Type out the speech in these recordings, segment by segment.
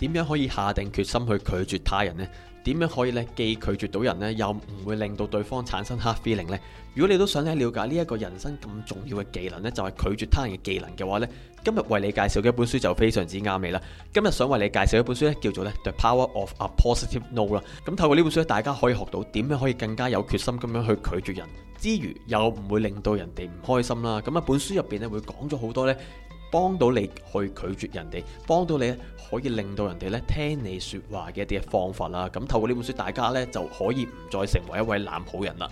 點樣可以下定決心去拒絕他人呢？點樣可以咧既拒絕到人呢，又唔會令到對方產生 hard feeling 呢？如果你都想了解呢一個人生咁重要嘅技能呢，就係、是、拒絕他人嘅技能嘅話呢，今日為你介紹嘅一本書就非常之啱你啦。今日想為你介紹的一本書呢，叫做 The Power of a Positive No 啦。咁、嗯、透過呢本書呢，大家可以學到點樣可以更加有決心咁樣去拒絕人，之餘又唔會令到人哋唔開心啦。咁、嗯、啊，本書入邊咧會講咗好多呢。幫到你去拒絕人哋，幫到你可以令到人哋咧聽你說話嘅一啲方法啦。咁透過呢本書，大家咧就可以唔再成為一位濫好人啦。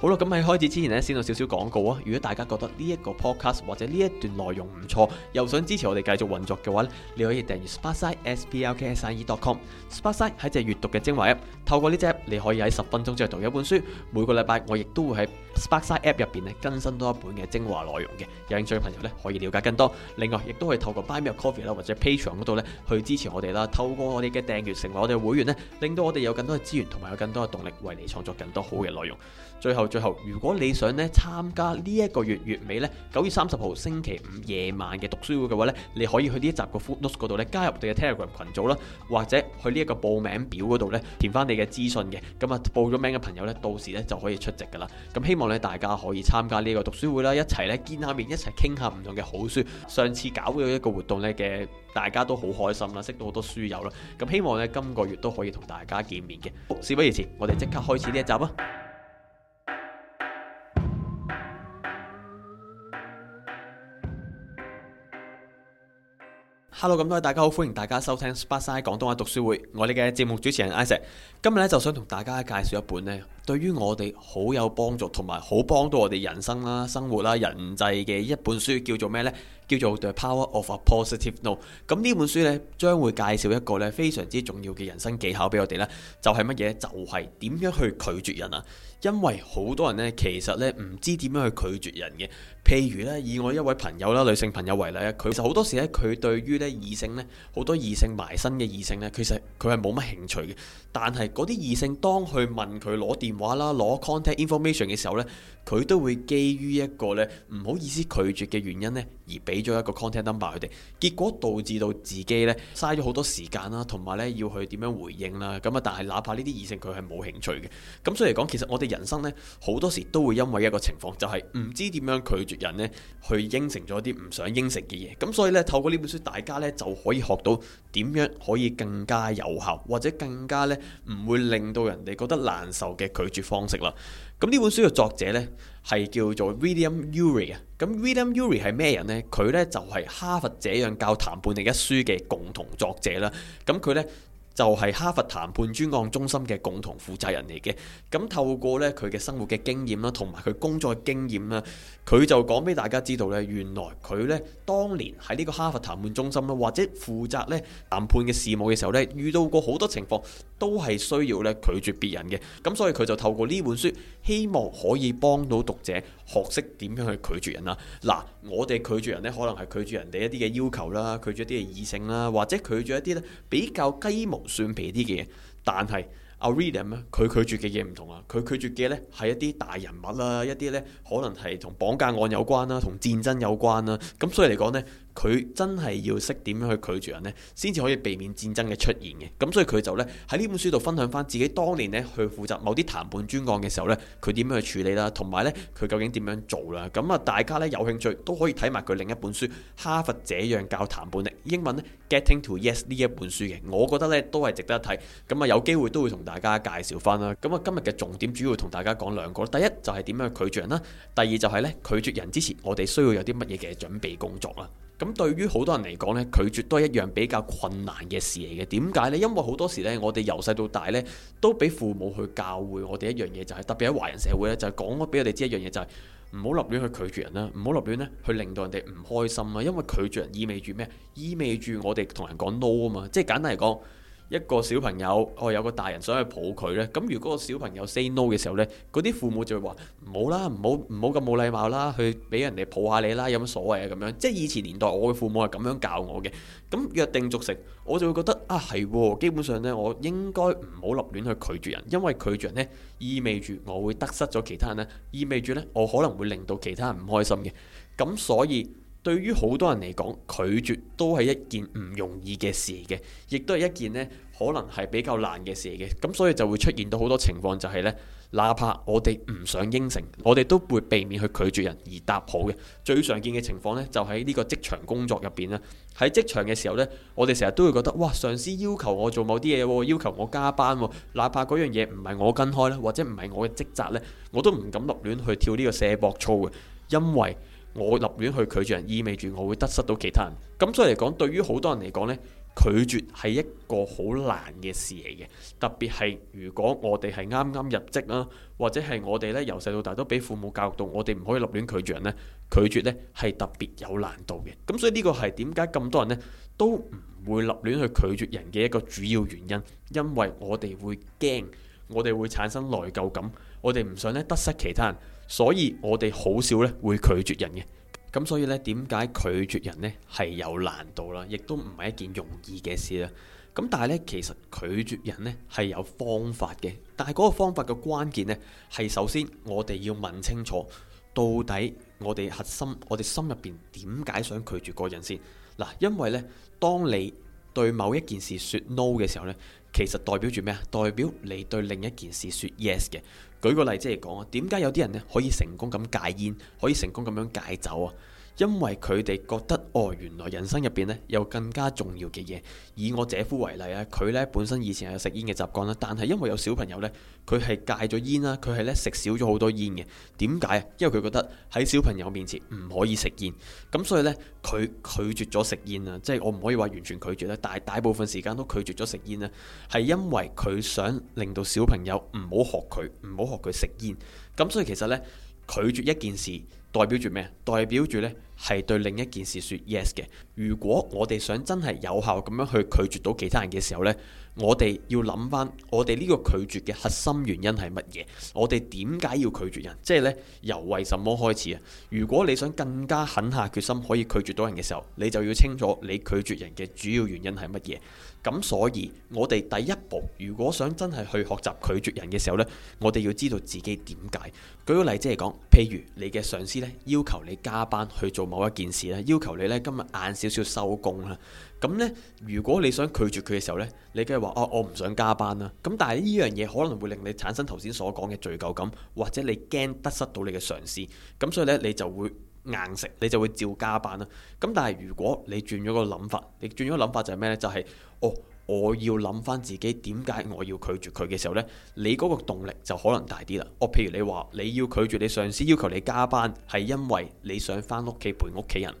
好啦，咁喺開始之前咧，先有少少廣告啊。如果大家覺得呢一個 podcast 或者呢一段內容唔錯，又想支持我哋繼續運作嘅話咧，你可以訂閱 sparsite.splksite.com。sparsite 係隻閱讀嘅精華 app，透過呢隻 app, 你可以喺十分鐘之內讀一本書。每個禮拜我亦都會喺。Sparkside App 入邊咧更新多一本嘅精華內容嘅，有興趣嘅朋友咧可以了解更多。另外，亦都可以透過 Buy Me a Coffee 啦，或者 Patreon 度咧去支持我哋啦。透過我哋嘅訂閱成為我哋嘅會員咧，令到我哋有更多嘅資源同埋有更多嘅動力，為你創作更多好嘅內容。最後，最後，如果你想咧參加呢一個月月尾咧九月三十號星期五夜晚嘅讀書會嘅話咧，你可以去呢一集嘅 Footnotes 度咧加入我哋嘅 Telegram 群組啦，或者去呢一個報名表嗰度咧填翻你嘅資訊嘅。咁啊，報咗名嘅朋友咧，到時咧就可以出席噶啦。咁希望。大家可以參加呢個讀書會啦，一齊咧見下面，一齊傾下唔同嘅好書。上次搞到一個活動呢嘅，大家都好開心啦，識到好多書友啦。咁希望呢，今個月都可以同大家見面嘅。事不宜遲，我哋即刻開始呢一集啊！hello，咁多位大家好，歡迎大家收聽《Special 廣東話讀書會》，我哋嘅節目主持人 Isaac 今日咧就想同大家介紹一本呢，對於我哋好有幫助同埋好幫到我哋人生啦、生活啦、人際嘅一本書，叫做咩呢？叫做 The Power of a Positive No。咁呢本書呢，將會介紹一個呢非常之重要嘅人生技巧俾我哋啦，就係乜嘢？就係點樣去拒絕人啊！因為好多人呢，其實呢唔知點樣去拒絕人嘅。譬如呢，以我一位朋友啦，女性朋友為例啊，佢就好多時呢，佢對於呢異性呢，好多異性埋身嘅異性呢，其實佢係冇乜興趣嘅。但係嗰啲異性當去問佢攞電話啦、攞 contact information 嘅時候呢，佢都會基於一個呢唔好意思拒絕嘅原因呢，而俾咗一個 contact number 佢哋，結果導致到自己呢嘥咗好多時間啦，同埋呢要去點樣回應啦。咁啊，但係哪怕呢啲異性佢係冇興趣嘅，咁所以嚟講，其實我哋人生呢好多時都會因為一個情況，就係唔知點樣拒絕人呢去應承咗啲唔想應承嘅嘢。咁所以呢，透過呢本書，大家呢就可以學到點樣可以更加有效，或者更加呢。唔會令到人哋覺得難受嘅拒絕方式啦。咁呢本書嘅作者呢，係叫做 William Ury 啊。咁 William Ury 係咩人呢？佢呢就係哈佛這樣教談判第一書嘅共同作者啦。咁佢呢，就係哈佛談判專案中心嘅共同負責人嚟嘅。咁透過呢，佢嘅生活嘅經驗啦，同埋佢工作嘅經驗啦，佢就講俾大家知道呢，原來佢呢當年喺呢個哈佛談判中心啦，或者負責呢談判嘅事務嘅時候呢，遇到過好多情況都係需要咧拒絕別人嘅，咁所以佢就透過呢本書希望可以幫到讀者學識點樣去拒絕人啦。嗱，我哋拒絕人呢，可能係拒絕人哋一啲嘅要求啦，拒絕一啲嘅異性啦，或者拒絕一啲咧比較雞毛蒜皮啲嘅嘢。但係 Ariadne 咧，佢拒絕嘅嘢唔同啊，佢拒絕嘅呢，係一啲大人物啦，一啲呢，可能係同綁架案有關啦，同戰爭有關啦。咁所以嚟講呢。佢真係要識點樣去拒絕人呢，先至可以避免戰爭嘅出現嘅。咁所以佢就呢，喺呢本書度分享翻自己當年呢去負責某啲談判專案嘅時候呢，佢點樣去處理啦，同埋呢，佢究竟點樣做啦。咁啊，大家呢，有興趣都可以睇埋佢另一本書《哈佛這樣教談判力》英文呢《Getting to Yes》呢一本書嘅，我覺得呢都係值得一睇。咁啊，有機會都會同大家介紹翻啦。咁啊，今日嘅重點主要同大家講兩個，第一就係點樣去拒絕人啦，第二就係呢，拒絕人之前我哋需要有啲乜嘢嘅準備工作啦。咁對於好多人嚟講呢，拒絕都係一樣比較困難嘅事嚟嘅。點解呢？因為好多時呢，我哋由細到大呢，都俾父母去教會我哋一樣嘢，就係特別喺華人社會呢，就係講俾我哋知一樣嘢，就係唔好立亂去拒絕人啦，唔好立亂呢去令到人哋唔開心啦。因為拒絕人意味住咩？意味住我哋同人講 no 啊嘛。即係簡單嚟講。一個小朋友，我有個大人想去抱佢呢。咁如果個小朋友 say no 嘅時候呢，嗰啲父母就會話：唔好啦，唔好唔好咁冇禮貌啦，去俾人哋抱下你啦，有乜所謂啊咁樣。即係以前年代，我嘅父母係咁樣教我嘅。咁約定俗成，我就會覺得啊係，基本上呢，我應該唔好立亂去拒絕人，因為拒絕人呢，意味住我會得失咗其他人呢，意味住呢，我可能會令到其他人唔開心嘅。咁所以。對於好多人嚟講，拒絕都係一件唔容易嘅事嘅，亦都係一件呢可能係比較難嘅事嘅。咁所以就會出現到好多情況，就係呢：哪怕我哋唔想應承，我哋都會避免去拒絕人而答好嘅。最常見嘅情況呢，就喺呢個職場工作入邊啦。喺職場嘅時候呢，我哋成日都會覺得哇，上司要求我做某啲嘢喎，要求我加班喎，哪怕嗰樣嘢唔係我跟開呢，或者唔係我嘅職責呢，我都唔敢立亂去跳呢個射博操嘅，因為。我立亂去拒絕人，意味住我會得失到其他人。咁所以嚟講，對於好多人嚟講呢，拒絕係一個好難嘅事嚟嘅。特別係如果我哋係啱啱入職啦，或者係我哋呢由細到大都俾父母教育到，我哋唔可以立亂拒絕人呢，拒絕呢係特別有難度嘅。咁所以呢個係點解咁多人呢都唔會立亂去拒絕人嘅一個主要原因，因為我哋會驚，我哋會產生內疚感，我哋唔想呢得失其他人。所以我哋好少咧會拒絕人嘅，咁所以咧點解拒絕人呢係有難度啦，亦都唔係一件容易嘅事啦。咁但係咧，其實拒絕人呢係有方法嘅，但係嗰個方法嘅關鍵呢，係首先我哋要問清楚，到底我哋核心、我哋心入邊點解想拒絕嗰人先。嗱，因為呢，當你對某一件事說 no 嘅時候呢，其實代表住咩啊？代表你對另一件事說 yes 嘅。舉個例子嚟講啊，點解有啲人呢可以成功咁戒煙，可以成功咁樣戒酒啊？因為佢哋覺得哦，原來人生入邊呢有更加重要嘅嘢。以我姐夫為例啊，佢呢本身以前係有食煙嘅習慣啦，但係因為有小朋友呢，佢係戒咗煙啦，佢係呢食少咗好多煙嘅。點解啊？因為佢覺得喺小朋友面前唔可以食煙，咁所以呢，佢拒絕咗食煙啊，即係我唔可以話完全拒絕啦，但係大部分時間都拒絕咗食煙啊，係因為佢想令到小朋友唔好學佢，唔好學佢食煙。咁所以其實呢，拒絕一件事代表住咩？代表住呢。係對另一件事說 yes 嘅。如果我哋想真係有效咁樣去拒絕到其他人嘅時候呢，我哋要諗翻，我哋呢個拒絕嘅核心原因係乜嘢？我哋點解要拒絕人？即係呢，由為什麼開始啊？如果你想更加狠下決心可以拒絕到人嘅時候，你就要清楚你拒絕人嘅主要原因係乜嘢。咁所以，我哋第一步，如果想真係去學習拒絕人嘅時候呢，我哋要知道自己點解。舉個例子嚟講，譬如你嘅上司呢，要求你加班去做某一件事啦，要求你呢今日晏少少收工啦。咁呢，如果你想拒絕佢嘅時候呢，你梗係話啊，我唔想加班啦。咁但係呢樣嘢可能會令你產生頭先所講嘅罪疚感，或者你驚得失到你嘅上司。咁所以呢，你就會硬食，你就會照加班啦。咁但係如果你轉咗個諗法，你轉咗個諗法就係咩呢？就係，哦，我要諗翻自己點解我要拒絕佢嘅時候呢，你嗰個動力就可能大啲啦。哦，譬如你話你要拒絕你上司要求你加班，係因為你想翻屋企陪屋企人。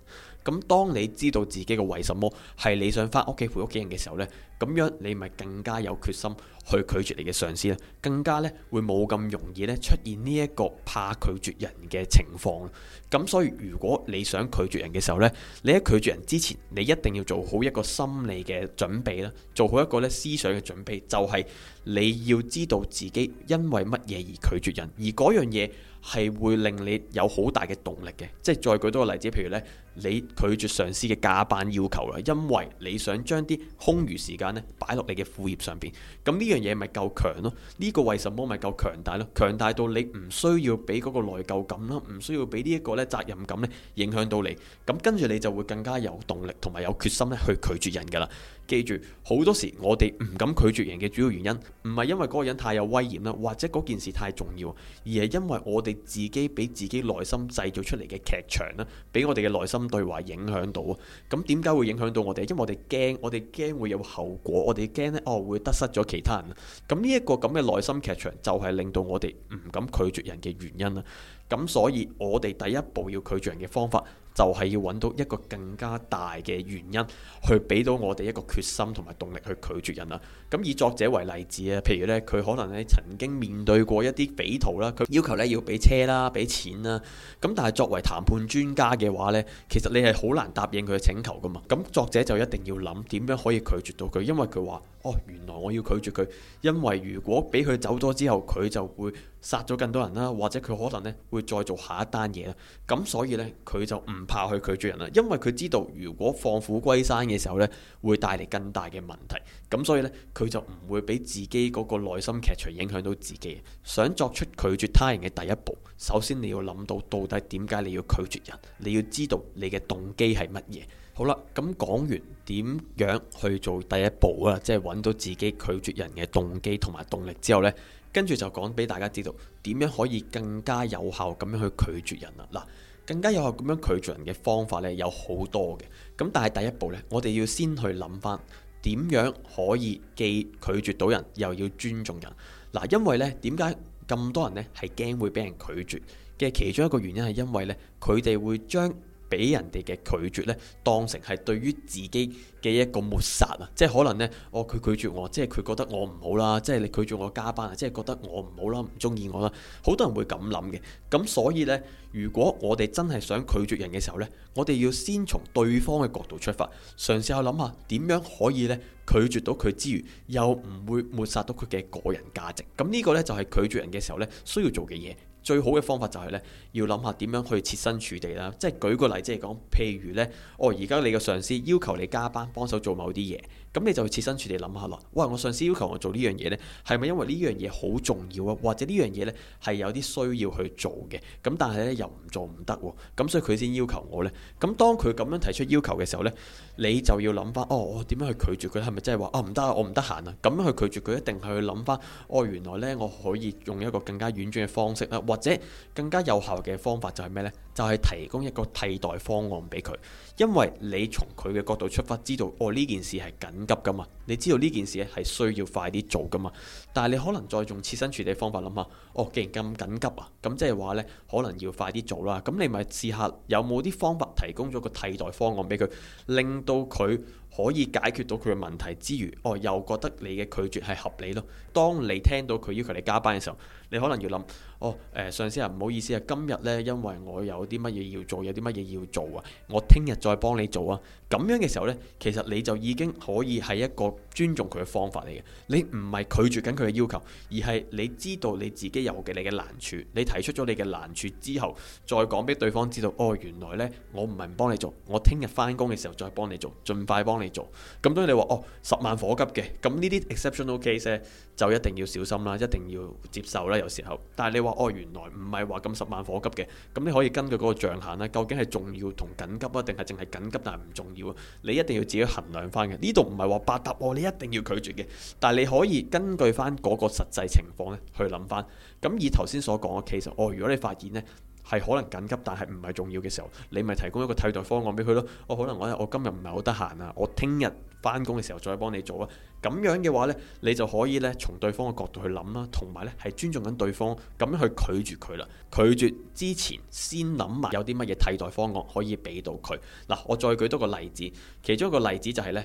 咁當你知道自己嘅為什麼係你想翻屋企陪屋企人嘅時候呢，咁樣你咪更加有決心去拒絕你嘅上司咧，更加呢，會冇咁容易呢出現呢一個怕拒絕人嘅情況。咁所以如果你想拒絕人嘅時候呢，你喺拒絕人之前，你一定要做好一個心理嘅準備啦，做好一個呢思想嘅準備，就係、是、你要知道自己因為乜嘢而拒絕人，而嗰樣嘢。係會令你有好大嘅動力嘅，即係再舉多個例子，譬如呢：你拒絕上司嘅加班要求啦，因為你想將啲空餘時間咧擺落你嘅副業上邊，咁呢樣嘢咪夠強咯？呢個為什麼咪夠強大咯？強大到你唔需要俾嗰個內疚感啦，唔需要俾呢一個咧責任感咧影響到你，咁跟住你就會更加有動力同埋有決心咧去拒絕人噶啦。記住，好多時我哋唔敢拒絕人嘅主要原因，唔係因為嗰個人太有威嚴啦，或者嗰件事太重要，而係因為我哋。我哋自己俾自己內心製造出嚟嘅劇場啦，俾我哋嘅內心對話影響到啊！咁點解會影響到我哋？因為我哋驚，我哋驚會有後果，我哋驚呢哦會得失咗其他人。咁呢一個咁嘅內心劇場，就係令到我哋唔敢拒絕人嘅原因啦。咁所以，我哋第一步要拒絕人嘅方法。就係要揾到一個更加大嘅原因，去俾到我哋一個決心同埋動力去拒絕人啦。咁以作者為例子，譬如呢，佢可能曾經面對過一啲匪徒啦，佢要求呢要俾車啦、俾錢啦。咁但係作為談判專家嘅話呢，其實你係好難答應佢嘅請求噶嘛。咁作者就一定要諗點樣可以拒絕到佢，因為佢話：哦，原來我要拒絕佢，因為如果俾佢走咗之後，佢就會殺咗更多人啦，或者佢可能呢會再做下一單嘢啦。咁所以呢，佢就唔怕去拒絕人啦，因為佢知道如果放虎歸山嘅時候呢，會帶嚟更大嘅問題。咁所以呢，佢就唔會俾自己嗰個內心劇場影響到自己。想作出拒絕他人嘅第一步，首先你要諗到到底點解你要拒絕人，你要知道你嘅動機係乜嘢。好啦，咁講完點樣去做第一步呀，即係揾到自己拒絕人嘅動機同埋動力之後呢。跟住就講俾大家知道點樣可以更加有效咁樣去拒絕人啦。嗱，更加有效咁樣拒絕人嘅方法呢，有好多嘅。咁但係第一步呢，我哋要先去諗翻點樣可以既拒絕到人，又要尊重人。嗱，因為呢，點解咁多人呢係驚會俾人拒絕嘅？其中一個原因係因為呢，佢哋會將。俾人哋嘅拒絕呢，當成係對於自己嘅一個抹殺啊！即係可能呢，哦佢拒絕我，即係佢覺得我唔好啦，即係你拒絕我加班啊，即係覺得我唔好啦，唔中意我啦，好多人會咁諗嘅。咁所以呢，如果我哋真係想拒絕人嘅時候呢，我哋要先從對方嘅角度出發，嘗試下諗下點樣可以呢拒絕到佢之餘，又唔會抹殺到佢嘅個人價值。咁呢個呢，就係拒絕人嘅時候呢，需要做嘅嘢。最好嘅方法就係呢，要諗下點樣去設身處地啦。即係舉個例子嚟講，譬如呢：「哦而家你嘅上司要求你加班幫手做某啲嘢，咁你就去設身處地諗下啦。喂，我上司要求我做呢樣嘢呢，係咪因為呢樣嘢好重要啊？或者呢樣嘢呢係有啲需要去做嘅？咁但係呢，又唔做唔得喎。咁所以佢先要求我呢：「咁當佢咁樣提出要求嘅時候呢，你就要諗翻，哦，我點樣去拒絕佢？係咪真係話啊唔得啊？我唔得閒啊？咁樣去拒絕佢，一定係去諗翻，哦，原來呢，我可以用一個更加婉轉嘅方式啦，或者更加有效嘅方法就係咩呢？就係、是、提供一個替代方案俾佢，因為你從佢嘅角度出發，知道哦，呢件事係緊急噶嘛你知道呢件事咧係需要快啲做噶嘛但係你可能再用切身處理的方法諗下，哦，既然咁緊急啊，咁即係話呢，可能要快啲做啦，咁你咪試下有冇啲方法提供咗個替代方案俾佢，令到佢。可以解決到佢嘅問題之餘，哦，又覺得你嘅拒絕係合理咯。當你聽到佢要求你加班嘅時候，你可能要諗，哦，誒、呃，上司啊，唔好意思啊，今日呢，因為我有啲乜嘢要做，有啲乜嘢要做啊，我聽日再幫你做啊。咁樣嘅時候呢，其實你就已經可以係一個尊重佢嘅方法嚟嘅。你唔係拒絕緊佢嘅要求，而係你知道你自己有嘅你嘅難處，你提出咗你嘅難處之後，再講俾對方知道，哦，原來呢，我唔係唔幫你做，我聽日翻工嘅時候再幫你做，盡快幫，幫你做，咁當然你話哦，十萬火急嘅，咁呢啲 exceptional case 就一定要小心啦，一定要接受啦，有時候。但係你話哦，原來唔係話咁十萬火急嘅，咁你可以根據嗰個象限啦，究竟係重要同緊急啊，定係淨係緊急但係唔重要啊？你一定要自己衡量翻嘅。呢度唔係話八搭哦，你一定要拒絕嘅。但係你可以根據翻嗰個實際情況咧去諗翻。咁以頭先所講嘅 case，哦，如果你發現呢。係可能緊急，但係唔係重要嘅時候，你咪提供一個替代方案俾佢咯。我、哦、可能我我今日唔係好得閒啊，我聽日返工嘅時候再幫你做啊。咁樣嘅話呢，你就可以呢，從對方嘅角度去諗啦，同埋呢係尊重緊對方咁樣去拒絕佢啦。拒絕之前先諗埋有啲乜嘢替代方案可以俾到佢。嗱，我再舉多個例子，其中一個例子就係、是、呢。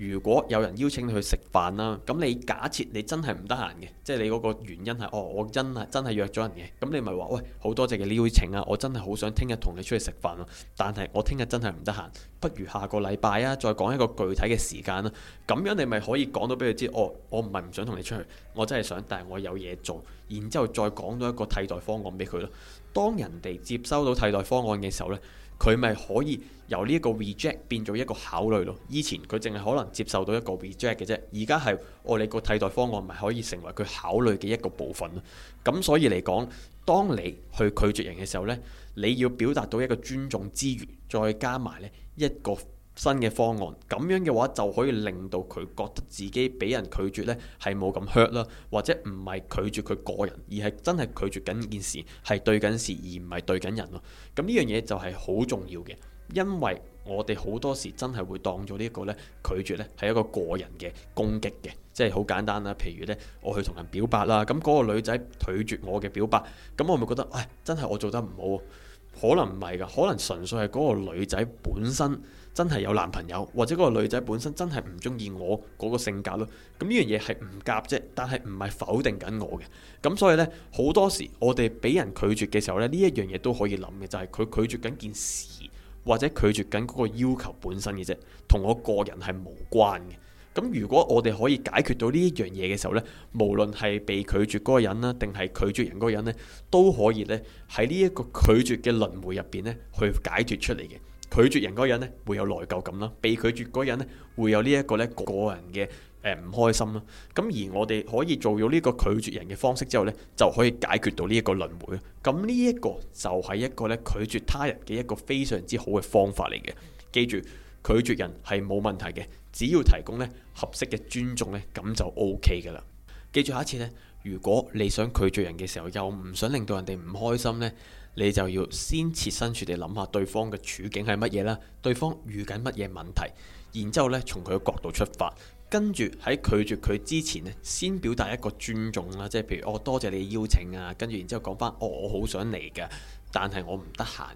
如果有人邀請你去食飯啦，咁你假設你真係唔得閒嘅，即係你嗰個原因係哦，我真係真係約咗人嘅，咁你咪話喂好多謝嘅邀請啊，我真係好想聽日同你出去食飯咯，但係我聽日真係唔得閒，不如下個禮拜啊，再講一個具體嘅時間啦，咁樣你咪可以講到俾佢知哦，我唔係唔想同你出去，我真係想，但係我有嘢做，然之後再講到一個替代方案俾佢咯。當人哋接收到替代方案嘅時候呢。佢咪可以由呢個 reject 變做一個考慮咯？以前佢淨係可能接受到一個 reject 嘅啫，而家係我哋個替代方案咪可以成為佢考慮嘅一個部分咯。咁所以嚟講，當你去拒絕人嘅時候呢，你要表達到一個尊重之餘，再加埋呢一個。新嘅方案咁樣嘅話，就可以令到佢覺得自己俾人拒絕呢係冇咁 hurt 啦，或者唔係拒絕佢個人，而係真係拒絕緊件事，係對緊事而唔係對緊人咯。咁呢樣嘢就係好重要嘅，因為我哋好多時真係會當做呢一個呢拒絕呢係一個個人嘅攻擊嘅，即係好簡單啦。譬如呢，我去同人表白啦，咁、那、嗰個女仔拒絕我嘅表白，咁我咪覺得唉、哎，真係我做得唔好，可能唔係㗎，可能純粹係嗰個女仔本身。真係有男朋友，或者嗰個女仔本身真係唔中意我嗰個性格咯。咁呢樣嘢係唔夾啫，但係唔係否定緊我嘅。咁所以呢，好多時我哋俾人拒絕嘅時候呢，呢一樣嘢都可以諗嘅，就係佢拒絕緊件事，或者拒絕緊嗰個要求本身嘅啫，同我個人係無關嘅。咁如果我哋可以解決到呢一樣嘢嘅時候呢，無論係被拒絕嗰個人啦，定係拒絕人嗰個人呢，都可以呢，喺呢一個拒絕嘅輪迴入邊呢，去解脫出嚟嘅。拒絕人嗰人，咧，會有內疚感啦，被拒絕嗰人，咧，會有呢一個咧，個人嘅，誒，唔開心啦。咁而我哋可以做咗呢個拒絕人嘅方式之後咧，就可以解決到呢、這個、一個輪迴。咁呢一個就係一個咧，拒絕他人嘅一個非常之好嘅方法嚟嘅。記住拒絕人係冇問題嘅，只要提供咧，合適嘅尊重咧，咁就 OK 噶啦記住下一次咧，如果你想拒絕人嘅時候，又唔想令到人哋唔開心咧。你就要先切身處地諗下對方嘅處境係乜嘢啦，對方遇緊乜嘢問題，然之後呢，從佢嘅角度出發，跟住喺拒絕佢之前呢，先表達一個尊重啦，即係譬如我，哦、多謝你嘅邀請啊，跟住然之後講翻，哦，我好想嚟㗎，但係我唔得閒，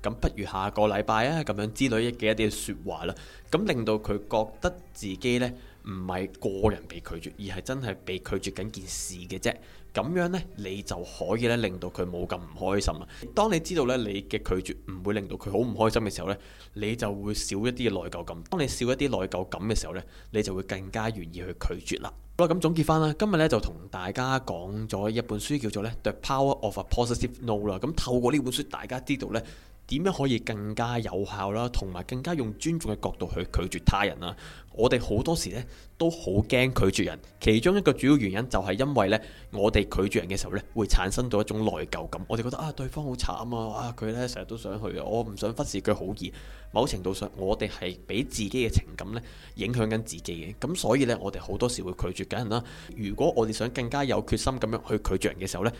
咁不如下個禮拜啊，咁樣之類嘅一啲嘅說話啦，咁令到佢覺得自己呢唔係個人被拒絕，而係真係被拒絕緊件事嘅啫。咁樣呢，你就可以咧令到佢冇咁唔開心啦。當你知道呢你嘅拒絕唔會令到佢好唔開心嘅時候呢，你就會少一啲嘅內疚感。當你少一啲內疚感嘅時候呢，你就會更加願意去拒絕啦。好啦，咁總結翻啦，今日呢，就同大家講咗一本書叫做《The Power of a Positive No》啦。咁透過呢本書，大家知道呢。點樣可以更加有效啦，同埋更加用尊重嘅角度去拒絕他人啦？我哋好多時呢都好驚拒絕人，其中一個主要原因就係因為呢，我哋拒絕人嘅時候呢，會產生到一種內疚感，我哋覺得啊，對方好慘啊，啊，佢呢成日都想去啊，我唔想忽視佢好意。某程度上，我哋係俾自己嘅情感呢影響緊自己嘅，咁所以呢，我哋好多時會拒絕緊人啦。如果我哋想更加有決心咁樣去拒絕人嘅時候呢。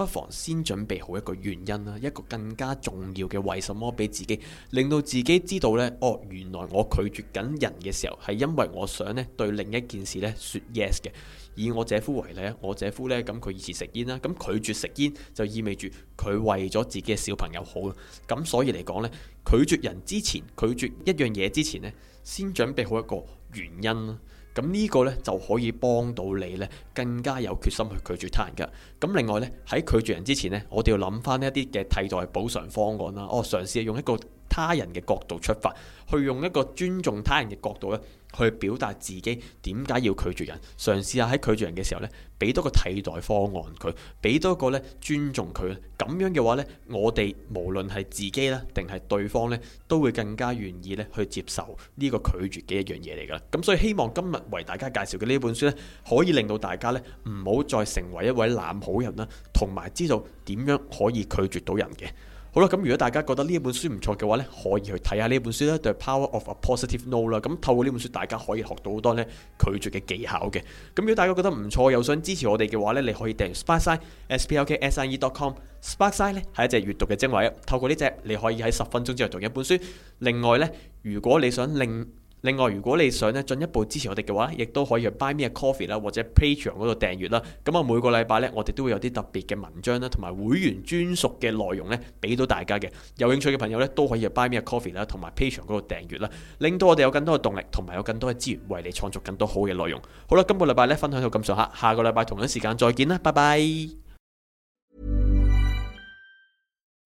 不妨先準備好一個原因啦，一個更加重要嘅為什麼俾自己，令到自己知道呢：哦，原來我拒絕緊人嘅時候，係因為我想呢對另一件事呢說 yes 嘅。以我姐夫為例，我姐夫呢，咁佢以前食煙啦，咁拒絕食煙就意味住佢為咗自己嘅小朋友好。咁所以嚟講呢，拒絕人之前，拒絕一樣嘢之前呢，先準備好一個原因啦。咁呢個呢，就可以幫到你呢，更加有決心去拒絕他人㗎。咁另外呢，喺拒絕人之前呢，我哋要諗翻一啲嘅替代補償方案啦。哦，嘗試用一個他人嘅角度出發，去用一個尊重他人嘅角度咧，去表達自己點解要拒絕人。嘗試下喺拒絕人嘅時候咧，俾多個替代方案佢，俾多個咧尊重佢。咁樣嘅話咧，我哋無論係自己啦，定係對方咧，都會更加願意咧去接受呢個拒絕嘅一樣嘢嚟㗎啦。咁所以希望今日為大家介紹嘅呢本書咧，可以令到大家咧唔好再成為一位濫好人啦，同埋知道點樣可以拒絕到人嘅。好啦，咁如果大家覺得呢一本書唔錯嘅話呢，可以去睇下呢本書咧，The Power of a Positive No 啦。咁透過呢本書，大家可以學到好多呢拒絕嘅技巧嘅。咁如果大家覺得唔錯，又想支持我哋嘅話呢，你可以訂閱 Sparksine，s p l k s i e dot com。Sparksine 咧係一隻閱讀嘅精華啊！透過呢隻，你可以喺十分鐘之內讀一本書。另外呢，如果你想令另外，如果你想咧進一步支持我哋嘅話，亦都可以去 Buy Me a Coffee 啦，或者 Patreon 嗰度訂閱啦。咁啊，每個禮拜咧，我哋都會有啲特別嘅文章啦，同埋會員專屬嘅內容咧，俾到大家嘅。有興趣嘅朋友咧，都可以去 Buy Me a Coffee 啦，同埋 Patreon 嗰度訂閱啦，令到我哋有更多嘅動力，同埋有更多嘅資源，為你創作更多好嘅內容。好啦，今個禮拜咧分享到咁上下，下個禮拜同樣時間再見啦，拜拜。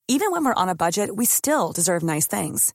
Even when we're on a budget, we still deserve nice things.